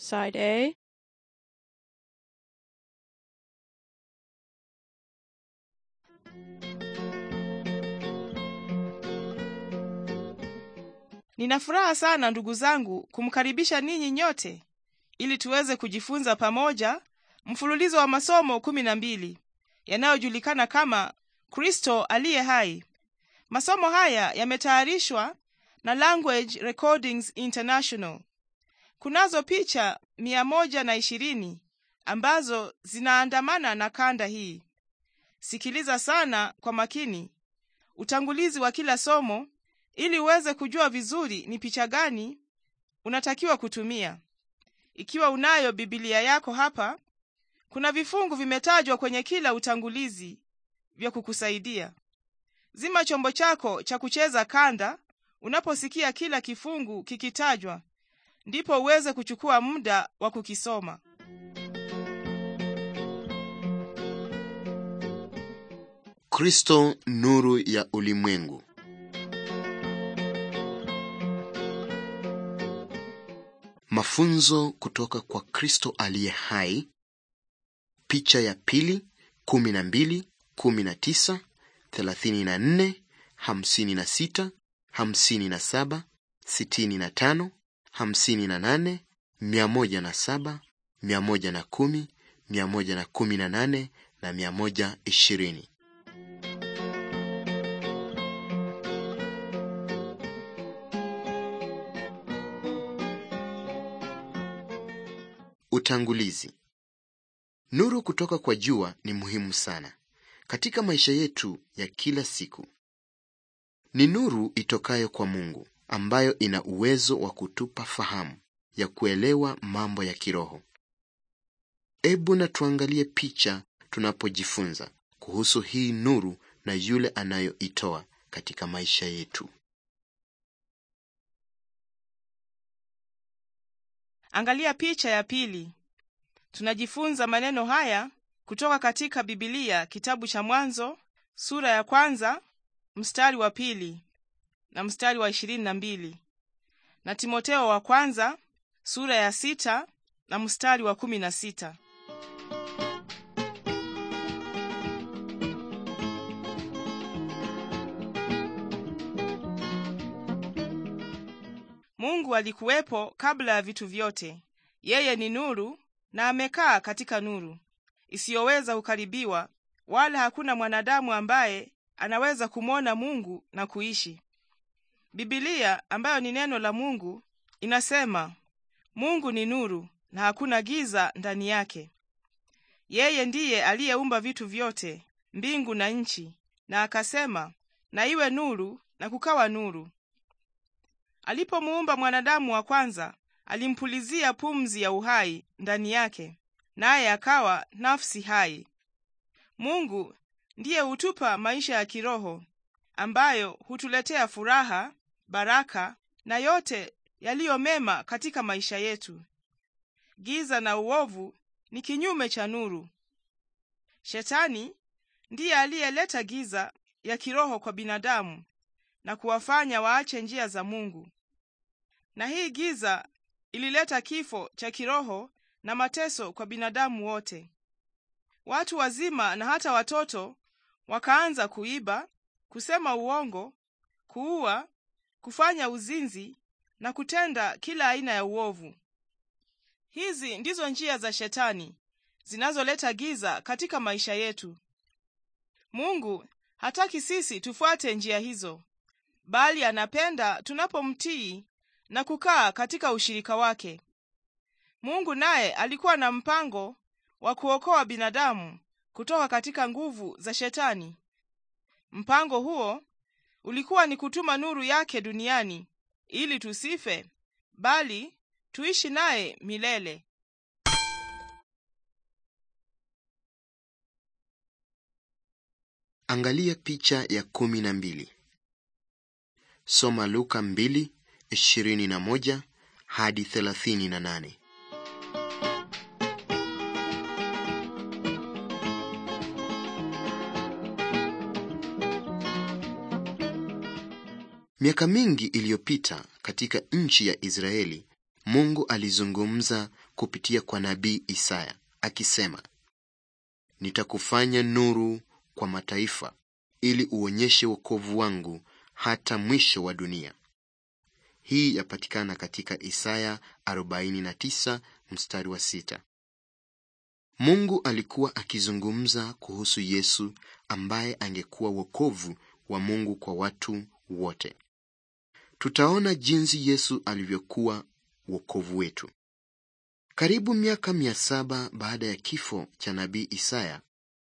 side A Nina furaha sana ndugu zangu kumkaribisha ninyi nyote ili tuweze kujifunza pamoja mfululizo wa masomo kumi na mbili yanayojulikana kama Kristo aliye hai. Masomo haya yametayarishwa na Language Recordings International. Kunazo picha mia moja na ishirini ambazo zinaandamana na kanda hii. Sikiliza sana kwa makini utangulizi wa kila somo ili uweze kujua vizuri ni picha gani unatakiwa kutumia. Ikiwa unayo Biblia yako hapa, kuna vifungu vimetajwa kwenye kila utangulizi vya kukusaidia. Zima chombo chako cha kucheza kanda unaposikia kila kifungu kikitajwa ndipo uweze kuchukua muda wa kukisoma. Kristo nuru ya ulimwengu. Mafunzo kutoka kwa Kristo aliye hai. Picha ya pili, 12, 19, 34, 56, hamsini na nane mia moja na saba mia moja na kumi mia moja na kumi na nane na mia moja ishirini Utangulizi. Nuru kutoka kwa jua ni muhimu sana katika maisha yetu ya kila siku. Ni nuru itokayo kwa Mungu ambayo ina uwezo wa kutupa fahamu ya kuelewa mambo ya kiroho. Ebu na tuangalie picha tunapojifunza kuhusu hii nuru na yule anayoitoa katika maisha yetu. Angalia picha ya pili. Tunajifunza maneno haya kutoka katika Bibilia, kitabu cha Mwanzo sura ya kwanza mstari wa pili na mstari wa ishirini na mbili na wa kwanza sura ya sita na mstari wa kumi na sita. Mungu alikuwepo kabla ya vitu vyote. Yeye ni nuru na amekaa katika nuru isiyoweza kukaribiwa, wala hakuna mwanadamu ambaye anaweza kumwona Mungu na kuishi. Bibilia ambayo ni neno la Mungu inasema, Mungu ni nuru na hakuna giza ndani yake. Yeye ndiye aliyeumba vitu vyote, mbingu na nchi, na akasema, na iwe nuru, na kukawa nuru. Alipomuumba mwanadamu wa kwanza, alimpulizia pumzi ya uhai ndani yake, naye akawa nafsi hai. Mungu ndiye hutupa maisha ya kiroho ambayo hutuletea furaha baraka na yote yaliyo mema katika maisha yetu. Giza na uovu ni kinyume cha nuru. Shetani ndiye aliyeleta giza ya kiroho kwa binadamu na kuwafanya waache njia za Mungu. Na hii giza ilileta kifo cha kiroho na mateso kwa binadamu wote. Watu wazima na hata watoto wakaanza kuiba, kusema uongo, kuua kufanya uzinzi na kutenda kila aina ya uovu. Hizi ndizo njia za Shetani zinazoleta giza katika maisha yetu. Mungu hataki sisi tufuate njia hizo, bali anapenda tunapomtii na kukaa katika ushirika wake. Mungu naye alikuwa na mpango wa kuokoa binadamu kutoka katika nguvu za Shetani. Mpango huo ulikuwa ni kutuma nuru yake duniani ili tusife, bali tuishi naye milele. Angalia picha ya kumi na mbili. Soma Luka 2:21 hadi 38. Miaka mingi iliyopita katika nchi ya Israeli, Mungu alizungumza kupitia kwa nabii Isaya akisema, nitakufanya nuru kwa mataifa ili uonyeshe wokovu wangu hata mwisho wa dunia. Hii yapatikana katika Isaya 49 mstari wa sita. Mungu alikuwa akizungumza kuhusu Yesu ambaye angekuwa wokovu wa Mungu kwa watu wote tutaona jinsi Yesu alivyokuwa wokovu wetu. Karibu miaka mia saba baada ya kifo cha nabii Isaya,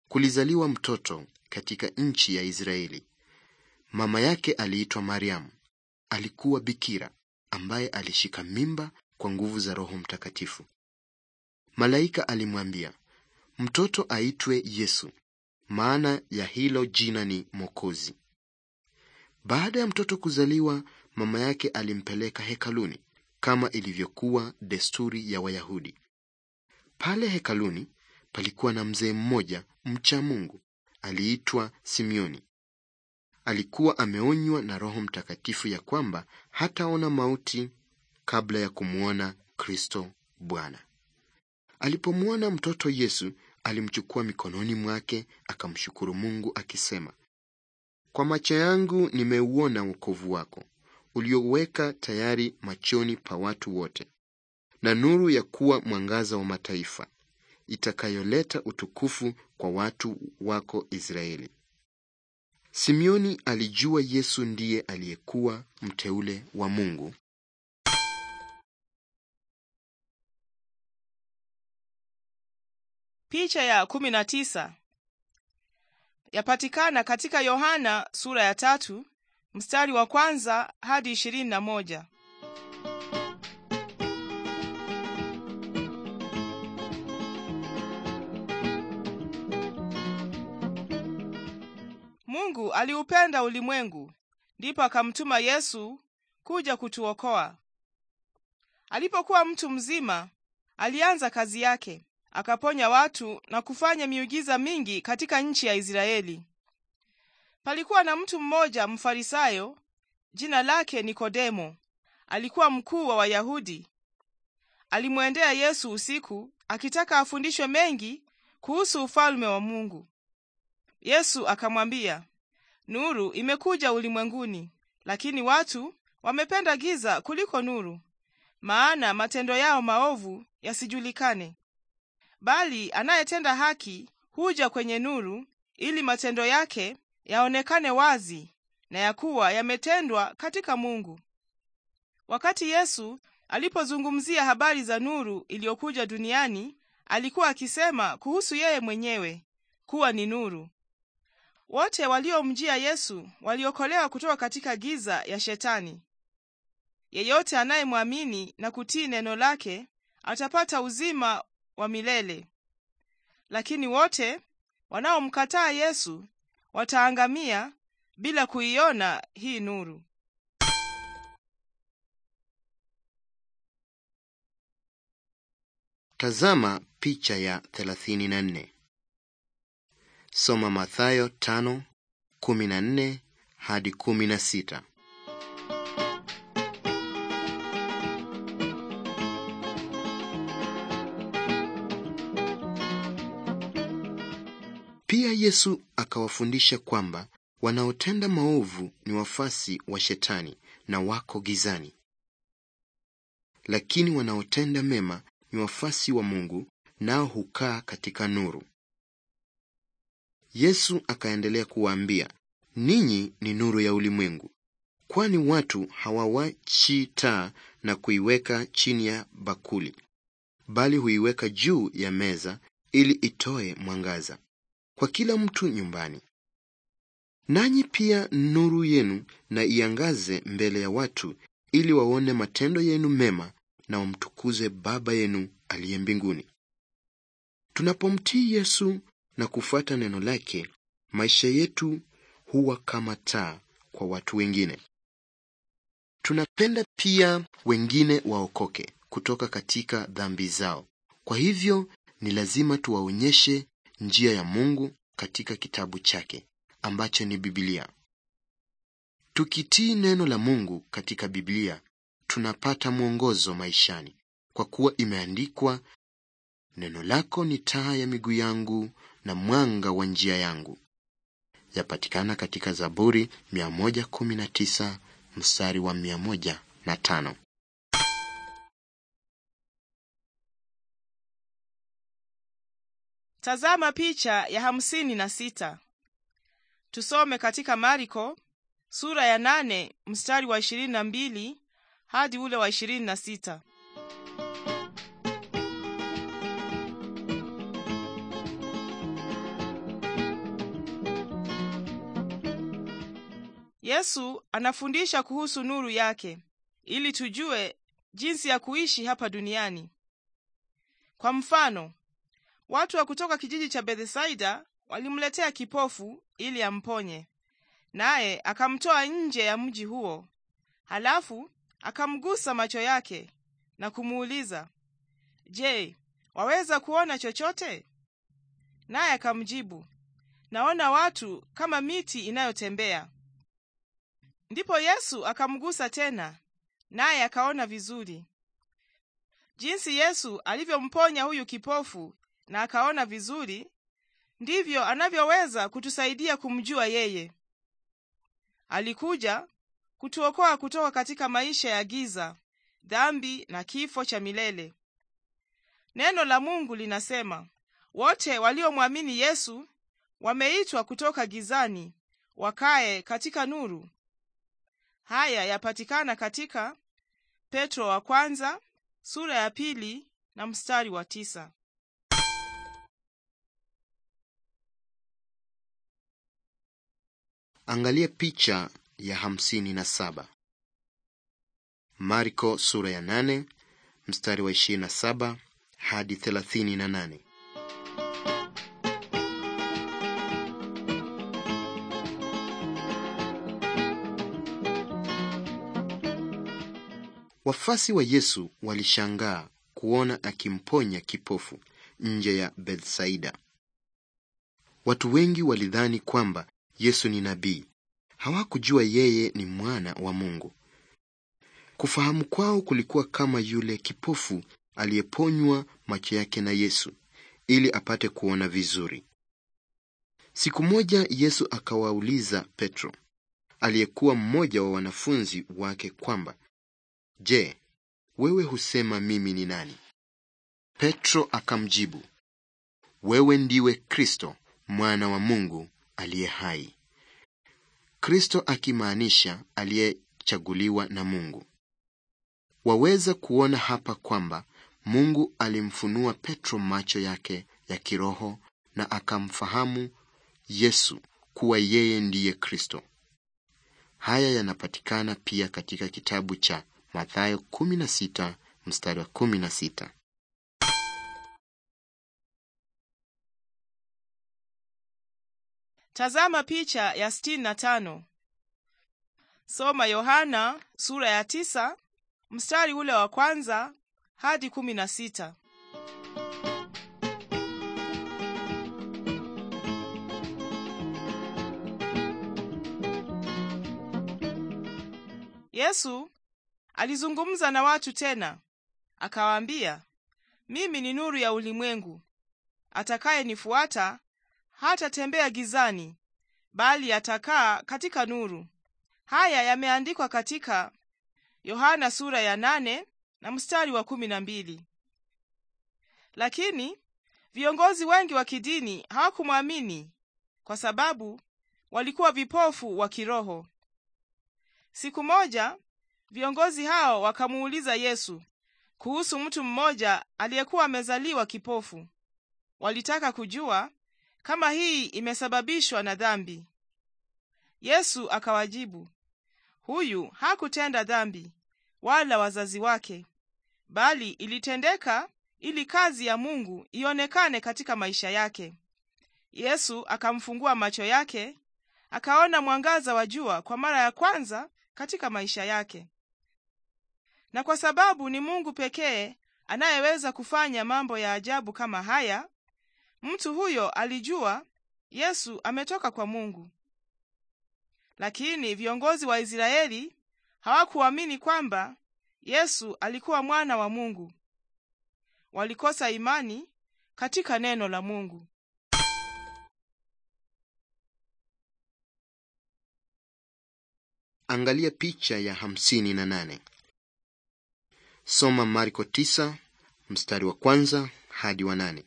kulizaliwa mtoto katika nchi ya Israeli. Mama yake aliitwa Mariamu. Alikuwa bikira ambaye alishika mimba kwa nguvu za Roho Mtakatifu. Malaika alimwambia, mtoto aitwe Yesu, maana ya hilo jina ni Mwokozi. Baada ya mtoto kuzaliwa, mama yake alimpeleka hekaluni kama ilivyokuwa desturi ya Wayahudi. Pale hekaluni palikuwa na mzee mmoja mcha Mungu aliitwa Simeoni. Alikuwa ameonywa na Roho Mtakatifu ya kwamba hataona mauti kabla ya kumwona Kristo Bwana. Alipomwona mtoto Yesu, alimchukua mikononi mwake akamshukuru Mungu akisema, kwa macho yangu nimeuona wokovu wako, ulioweka tayari machoni pa watu wote, na nuru ya kuwa mwangaza wa mataifa, itakayoleta utukufu kwa watu wako Israeli. Simeoni alijua Yesu ndiye aliyekuwa mteule wa Mungu. Picha ya kumi na tisa yapatikana katika Yohana sura ya tatu mstari wa kwanza hadi ishirini na moja. Mungu aliupenda ulimwengu, ndipo akamtuma Yesu kuja kutuokoa. Alipokuwa mtu mzima, alianza kazi yake, akaponya watu na kufanya miujiza mingi katika nchi ya Israeli. Palikuwa na mtu mmoja Mfarisayo, jina lake Nikodemo, alikuwa mkuu wa Wayahudi. Alimwendea Yesu usiku akitaka afundishwe mengi kuhusu ufalume wa Mungu. Yesu akamwambia, nuru imekuja ulimwenguni, lakini watu wamependa giza kuliko nuru, maana matendo yao maovu yasijulikane. Bali anayetenda haki huja kwenye nuru, ili matendo yake yaonekane wazi na ya kuwa yametendwa katika Mungu. Wakati Yesu alipozungumzia habari za nuru iliyokuja duniani, alikuwa akisema kuhusu yeye mwenyewe kuwa ni nuru. Wote waliomjia Yesu waliokolewa kutoka katika giza ya Shetani. Yeyote anayemwamini na kutii neno lake atapata uzima wa milele, lakini wote wanaomkataa Yesu wataangamia bila kuiona hii nuru. Tazama picha ya 34. Soma Mathayo 5:14 hadi 16. Naye Yesu akawafundisha kwamba wanaotenda maovu ni wafasi wa Shetani na wako gizani, lakini wanaotenda mema ni wafasi wa Mungu, nao hukaa katika nuru. Yesu akaendelea kuwaambia, ninyi ni nuru ya ulimwengu, kwani watu hawawachi taa na kuiweka chini ya bakuli, bali huiweka juu ya meza ili itoe mwangaza kwa kila mtu nyumbani. Nanyi pia nuru yenu na iangaze mbele ya watu, ili waone matendo yenu mema na wamtukuze Baba yenu aliye mbinguni. Tunapomtii Yesu na kufuata neno lake, maisha yetu huwa kama taa kwa watu wengine. Tunapenda pia wengine waokoke kutoka katika dhambi zao. Kwa hivyo ni lazima tuwaonyeshe njia ya Mungu katika kitabu chake ambacho ni Biblia. Tukitii neno la Mungu katika Biblia, tunapata mwongozo maishani, kwa kuwa imeandikwa, neno lako ni taa ya miguu yangu na mwanga wa njia yangu. Yapatikana katika Zaburi 119 mstari wa 105. Tazama picha ya hamsini na sita. Tusome katika mariko sura ya nane mstari wa ishirini na mbili hadi ule wa ishirini na sita. Yesu anafundisha kuhusu nuru yake ili tujue jinsi ya kuishi hapa duniani. Kwa mfano, Watu wa kutoka kijiji cha Bethsaida walimletea kipofu ili amponye, naye akamtoa nje ya mji huo. Halafu akamgusa macho yake na kumuuliza, Je, waweza kuona chochote? Naye akamjibu, naona watu kama miti inayotembea. Ndipo Yesu akamgusa tena, naye akaona vizuri. Jinsi Yesu alivyomponya huyu kipofu na akaona vizuri, ndivyo anavyoweza kutusaidia kumjua yeye. Alikuja kutuokoa kutoka katika maisha ya giza, dhambi na kifo cha milele. Neno la Mungu linasema wote waliomwamini Yesu wameitwa kutoka gizani wakae katika nuru. Haya yapatikana katika Petro wa kwanza sura ya pili na mstari wa tisa. Angalia picha ya hamsini na saba. Marko sura ya nane mstari wa ishirini na saba hadi thelathini na nane. Wafasi wa Yesu walishangaa kuona akimponya kipofu nje ya Bethsaida. Watu wengi walidhani kwamba Yesu ni nabii. Hawakujua yeye ni mwana wa Mungu. Kufahamu kwao kulikuwa kama yule kipofu aliyeponywa macho yake na Yesu ili apate kuona vizuri. Siku moja Yesu akawauliza Petro, aliyekuwa mmoja wa wanafunzi wake, kwamba je, wewe husema mimi ni nani? Petro akamjibu, wewe ndiwe Kristo, mwana wa Mungu aliye hai, Kristo akimaanisha aliyechaguliwa na Mungu. Waweza kuona hapa kwamba Mungu alimfunua Petro macho yake ya kiroho na akamfahamu Yesu kuwa yeye ndiye Kristo. Haya yanapatikana pia katika kitabu cha Mathayo 16 mstari wa 16. Tazama picha ya sitini na tano. Soma Yohana sura ya tisa mstari ule wa kwanza hadi kumi na sita. Yesu alizungumza na watu tena akawaambia, mimi ni nuru ya ulimwengu, atakaye nifuata hatatembea gizani, bali atakaa katika nuru. Haya yameandikwa katika Yohana sura ya nane na mstari wa kumi na mbili. Lakini viongozi wengi wa kidini hawakumwamini kwa sababu walikuwa vipofu wa kiroho. Siku moja viongozi hao wakamuuliza Yesu kuhusu mtu mmoja aliyekuwa amezaliwa kipofu. Walitaka kujua kama hii imesababishwa na dhambi? Yesu akawajibu, huyu hakutenda dhambi wala wazazi wake, bali ilitendeka ili kazi ya Mungu ionekane katika maisha yake. Yesu akamfungua macho yake, akaona mwangaza wa jua kwa mara ya kwanza katika maisha yake. Na kwa sababu ni Mungu pekee anayeweza kufanya mambo ya ajabu kama haya, Mtu huyo alijua Yesu ametoka kwa Mungu, lakini viongozi wa Israeli hawakuamini kwamba Yesu alikuwa mwana wa Mungu. Walikosa imani katika neno la Mungu. Angalia picha ya hamsini na nane. Soma Marko tisa mstari wa kwanza hadi wa nane.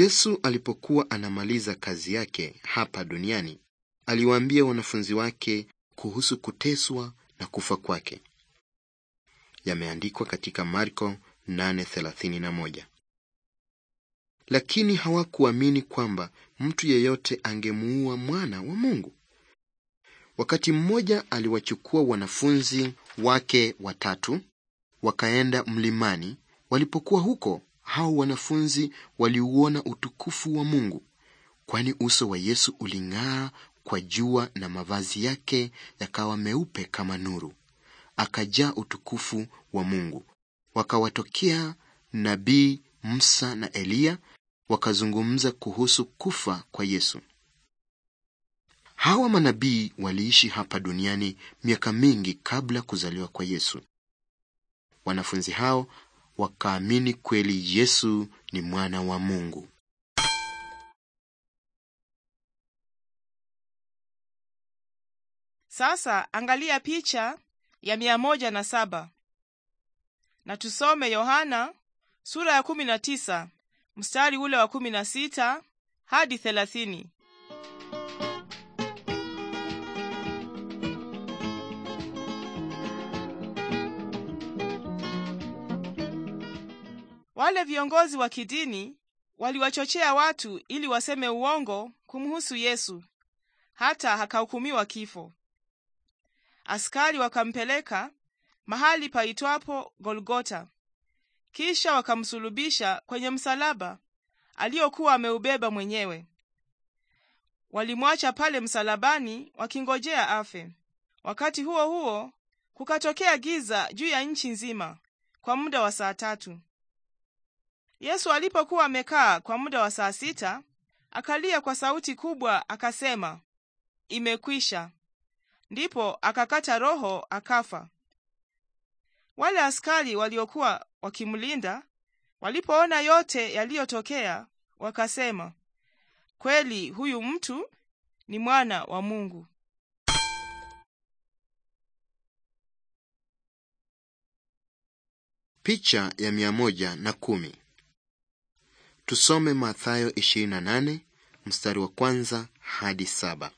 Yesu alipokuwa anamaliza kazi yake hapa duniani, aliwaambia wanafunzi wake kuhusu kuteswa na kufa kwake. Yameandikwa katika Marko 8:31. Lakini hawakuamini kwamba mtu yeyote angemuua mwana wa Mungu. Wakati mmoja aliwachukua wanafunzi wake watatu wakaenda mlimani. Walipokuwa huko, hao wanafunzi waliuona utukufu wa Mungu, kwani uso wa Yesu uling'aa kwa jua na mavazi yake yakawa meupe kama nuru. Akajaa utukufu wa Mungu. Wakawatokea nabii Musa na Eliya, wakazungumza kuhusu kufa kwa Yesu. Hawa manabii waliishi hapa duniani miaka mingi kabla kuzaliwa kwa Yesu. Wanafunzi hao wakaamini kweli Yesu ni mwana wa Mungu. Sasa angalia picha ya mia moja na saba na tusome Yohana sura ya kumi na tisa mstari ule wa kumi na sita hadi thelathini. Wale viongozi wa kidini waliwachochea watu ili waseme uongo kumhusu Yesu, hata akahukumiwa kifo. Askari wakampeleka mahali paitwapo Golgota, kisha wakamsulubisha kwenye msalaba aliyokuwa ameubeba mwenyewe. Walimwacha pale msalabani wakingojea afe. Wakati huo huo, kukatokea giza juu ya nchi nzima kwa muda wa saa tatu. Yesu alipokuwa amekaa kwa muda wa saa sita, akalia kwa sauti kubwa akasema, imekwisha. Ndipo akakata roho akafa. Wale askari waliokuwa wakimlinda walipoona yote yaliyotokea, wakasema, kweli huyu mtu ni mwana wa Mungu. Picha ya mia moja na kumi. Tusome Mathayo 28 mstari wa kwanza hadi saba.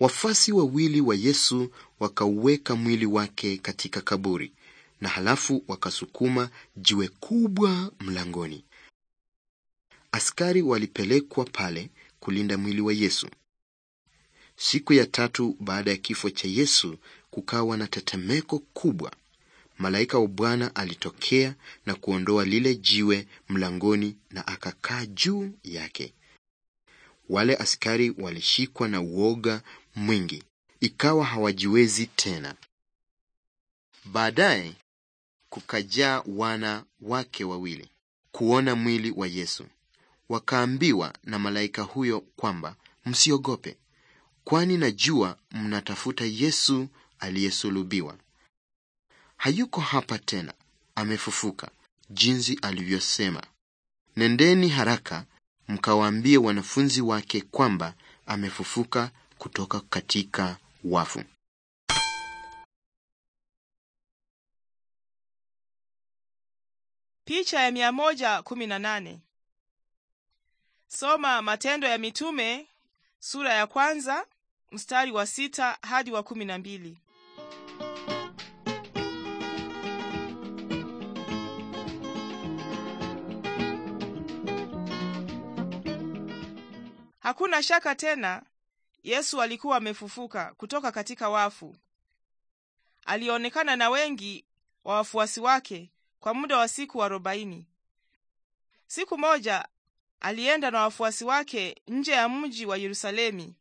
Wafuasi wawili wa Yesu wakauweka mwili wake katika kaburi na halafu wakasukuma jiwe kubwa mlangoni. Askari walipelekwa pale kulinda mwili wa Yesu. Siku ya tatu baada ya kifo cha Yesu kukawa na tetemeko kubwa. Malaika wa Bwana alitokea na kuondoa lile jiwe mlangoni na akakaa juu yake. Wale askari walishikwa na uoga mwingi, ikawa hawajiwezi tena. Baadaye kukajaa wana wake wawili kuona mwili wa Yesu. Wakaambiwa na malaika huyo kwamba msiogope, kwani najua mnatafuta Yesu aliyesulubiwa. Hayuko hapa tena, amefufuka jinsi alivyosema. Nendeni haraka mkawaambie wanafunzi wake kwamba amefufuka kutoka katika wafu. Picha ya mia moja kumi na nane. Soma Matendo ya Mitume sura ya kwanza mstari wa sita hadi wa kumi na mbili. Hakuna shaka tena Yesu alikuwa amefufuka kutoka katika wafu. Alionekana na wengi wa wafuasi wake kwa muda wa siku arobaini. Siku moja alienda na wafuasi wake nje ya mji wa Yerusalemu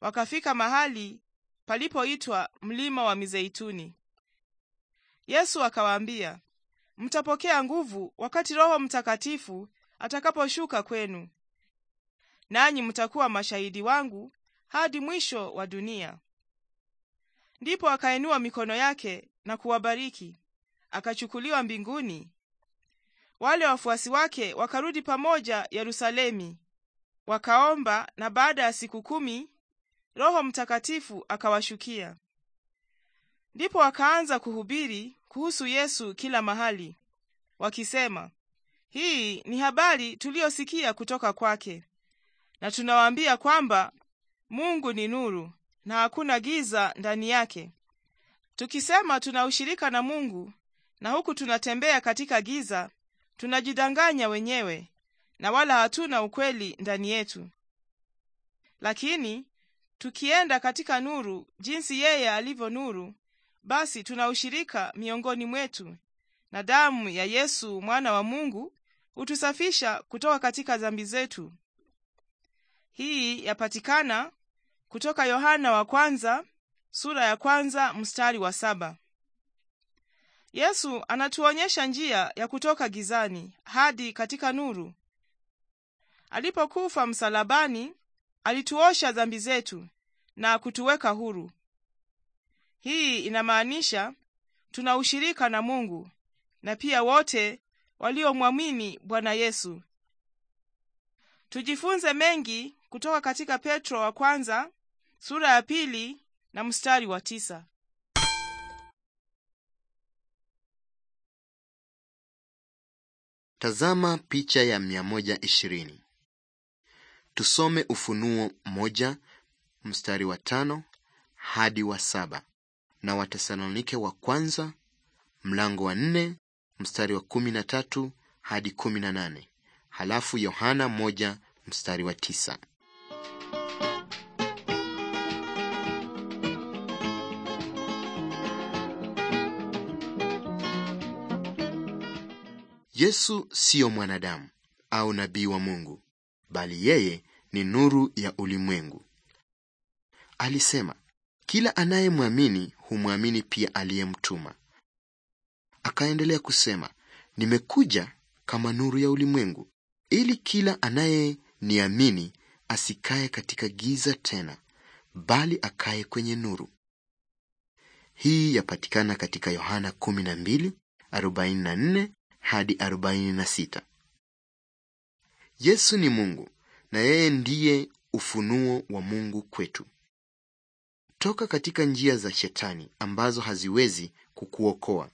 wakafika mahali palipoitwa mlima wa Mizeituni. Yesu akawaambia, mtapokea nguvu wakati Roho Mtakatifu atakaposhuka kwenu, nanyi mtakuwa mashahidi wangu hadi mwisho wa dunia. Ndipo akainua mikono yake na kuwabariki, akachukuliwa mbinguni. Wale wafuasi wake wakarudi pamoja yerusalemi wakaomba, na baada ya siku kumi Roho Mtakatifu akawashukia. Ndipo wakaanza kuhubiri kuhusu Yesu kila mahali, wakisema, hii ni habari tuliyosikia kutoka kwake, na tunawaambia kwamba Mungu ni nuru na hakuna giza ndani yake. Tukisema tuna ushirika na Mungu na huku tunatembea katika giza, tunajidanganya wenyewe na wala hatuna ukweli ndani yetu. Lakini tukienda katika nuru jinsi yeye alivyo nuru, basi tuna ushirika miongoni mwetu, na damu ya Yesu mwana wa Mungu hutusafisha kutoka katika dhambi zetu. Hii yapatikana kutoka Yohana wa kwanza sura ya kwanza mstari wa saba. Yesu anatuonyesha njia ya kutoka gizani hadi katika nuru. Alipokufa msalabani, alituosha dhambi zetu na kutuweka huru. Hii inamaanisha tuna ushirika na Mungu na pia wote waliomwamini Bwana Yesu. Tujifunze mengi kutoka katika Petro wa kwanza sura ya pili na mstari wa tisa. Tazama picha ya Tusome Ufunuo moja mstari wa tano hadi wa saba na Watesalonike wa kwanza mlango wa nne mstari wa kumi na tatu hadi kumi na nane halafu Yohana moja mstari wa tisa. Yesu siyo mwanadamu au nabii wa Mungu bali yeye ni nuru ya ulimwengu. Alisema, kila anayemwamini humwamini pia aliyemtuma. Akaendelea kusema, nimekuja kama nuru ya ulimwengu ili kila anayeniamini asikae katika giza tena, bali akaye kwenye nuru. Hii yapatikana katika Yohana 12:44 hadi 46. Yesu ni Mungu na yeye ndiye ufunuo wa Mungu kwetu. Toka katika njia za Shetani ambazo haziwezi kukuokoa.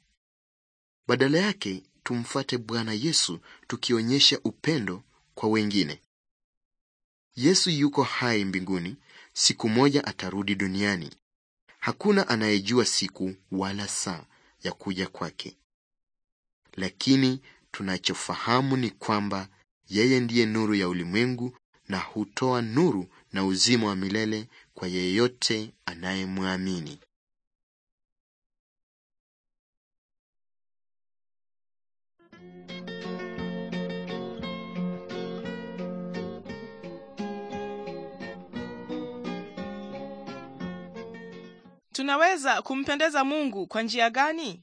Badala yake tumfate Bwana Yesu tukionyesha upendo kwa wengine. Yesu yuko hai mbinguni, siku moja atarudi duniani. Hakuna anayejua siku wala saa ya kuja kwake, lakini tunachofahamu ni kwamba yeye ndiye nuru ya ulimwengu na hutoa nuru na uzima wa milele kwa yeyote anayemwamini. Tunaweza kumpendeza Mungu kwa njia gani?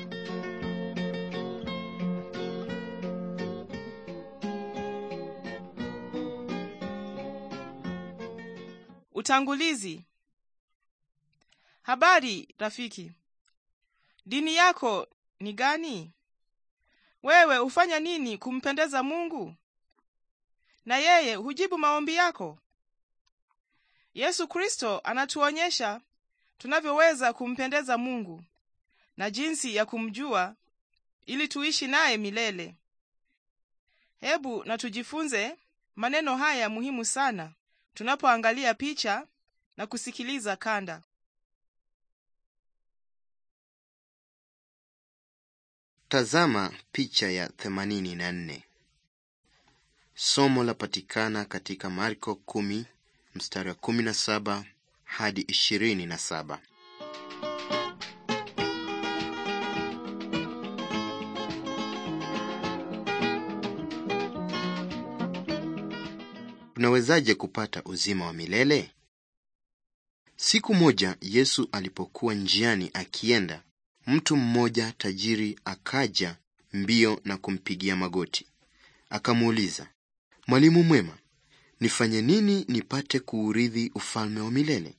Utangulizi. Habari rafiki, dini yako ni gani? Wewe hufanya nini kumpendeza Mungu? Na yeye hujibu maombi yako? Yesu Kristo anatuonyesha tunavyoweza kumpendeza Mungu na jinsi ya kumjua ili tuishi naye milele. Hebu na tujifunze maneno haya muhimu sana tunapoangalia picha na kusikiliza kanda. Tazama picha ya 84. Somo lapatikana katika Marko 10 mstari wa 17 hadi 27. tunawezaje kupata uzima wa milele? Siku moja Yesu alipokuwa njiani akienda, mtu mmoja tajiri akaja mbio na kumpigia magoti. Akamuuliza, "Mwalimu mwema, nifanye nini nipate kuurithi ufalme wa milele?"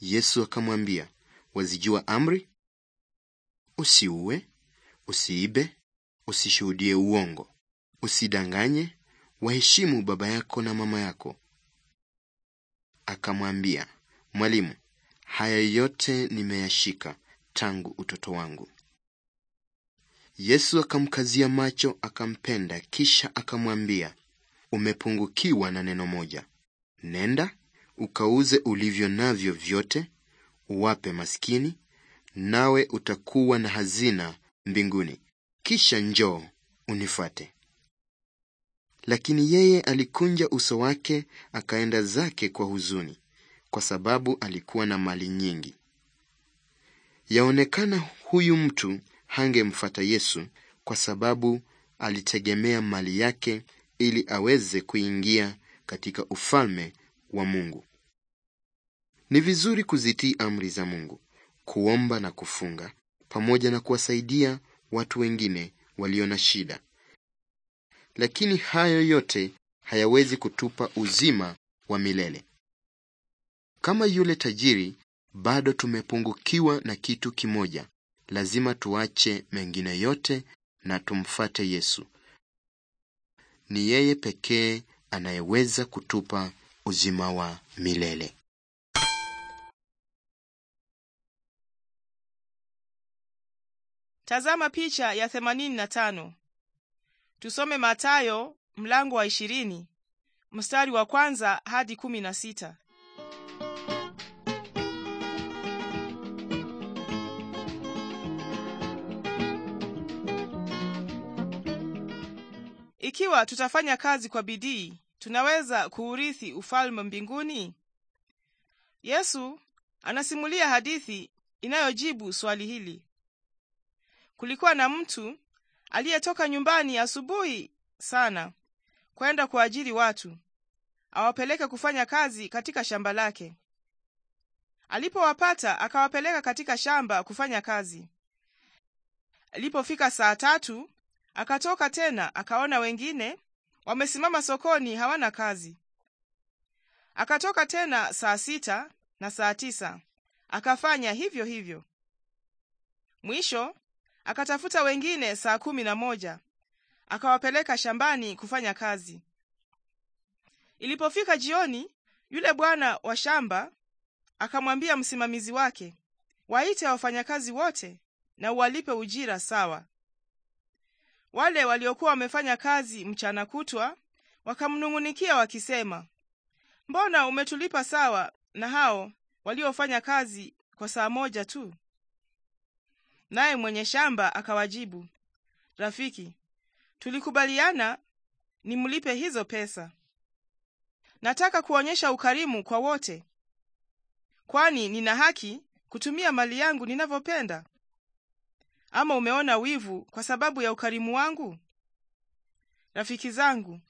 Yesu akamwambia, "Wazijua amri? Usiue, usiibe, usishuhudie uongo, usidanganye, waheshimu baba yako na mama yako. Akamwambia, Mwalimu, haya yote nimeyashika tangu utoto wangu. Yesu akamkazia macho, akampenda, kisha akamwambia, umepungukiwa na neno moja. Nenda ukauze ulivyo navyo vyote, uwape maskini, nawe utakuwa na hazina mbinguni, kisha njoo unifuate lakini yeye alikunja uso wake akaenda zake kwa huzuni, kwa sababu alikuwa na mali nyingi. Yaonekana huyu mtu hangemfata Yesu kwa sababu alitegemea mali yake ili aweze kuingia katika ufalme wa Mungu. Ni vizuri kuzitii amri za Mungu, kuomba na kufunga, pamoja na kuwasaidia watu wengine walio na shida lakini hayo yote hayawezi kutupa uzima wa milele. Kama yule tajiri, bado tumepungukiwa na kitu kimoja. Lazima tuache mengine yote na tumfate Yesu. Ni yeye pekee anayeweza kutupa uzima wa milele. Tazama picha ya Tusome Mathayo mlango wa ishirini mstari wa kwanza hadi kumi na sita. Ikiwa tutafanya kazi kwa bidii, tunaweza kuurithi ufalme mbinguni. Yesu anasimulia hadithi inayojibu swali hili. Kulikuwa na mtu aliyetoka nyumbani asubuhi sana kwenda kuajiri watu awapeleke kufanya kazi katika shamba lake. Alipowapata akawapeleka katika shamba kufanya kazi. Alipofika saa tatu akatoka tena, akaona wengine wamesimama sokoni hawana kazi. Akatoka tena saa sita na saa tisa akafanya hivyo hivyo. Mwisho akatafuta wengine saa kumi na moja akawapeleka shambani kufanya kazi. Ilipofika jioni, yule bwana wa shamba akamwambia msimamizi wake, waite wafanyakazi wote na uwalipe ujira sawa. Wale waliokuwa wamefanya kazi mchana kutwa wakamnung'unikia wakisema, mbona umetulipa sawa na hao waliofanya kazi kwa saa moja tu? Naye mwenye shamba akawajibu, rafiki, tulikubaliana nimlipe hizo pesa. Nataka kuonyesha ukarimu kwa wote, kwani nina haki kutumia mali yangu ninavyopenda. Ama umeona wivu kwa sababu ya ukarimu wangu? Rafiki zangu,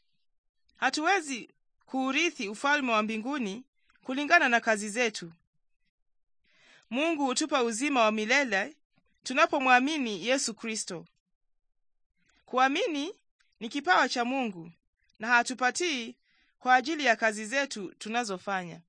hatuwezi kuurithi ufalme wa mbinguni kulingana na kazi zetu. Mungu hutupa uzima wa milele tunapomwamini Yesu Kristo. Kuamini ni kipawa cha Mungu na hatupatii kwa ajili ya kazi zetu tunazofanya.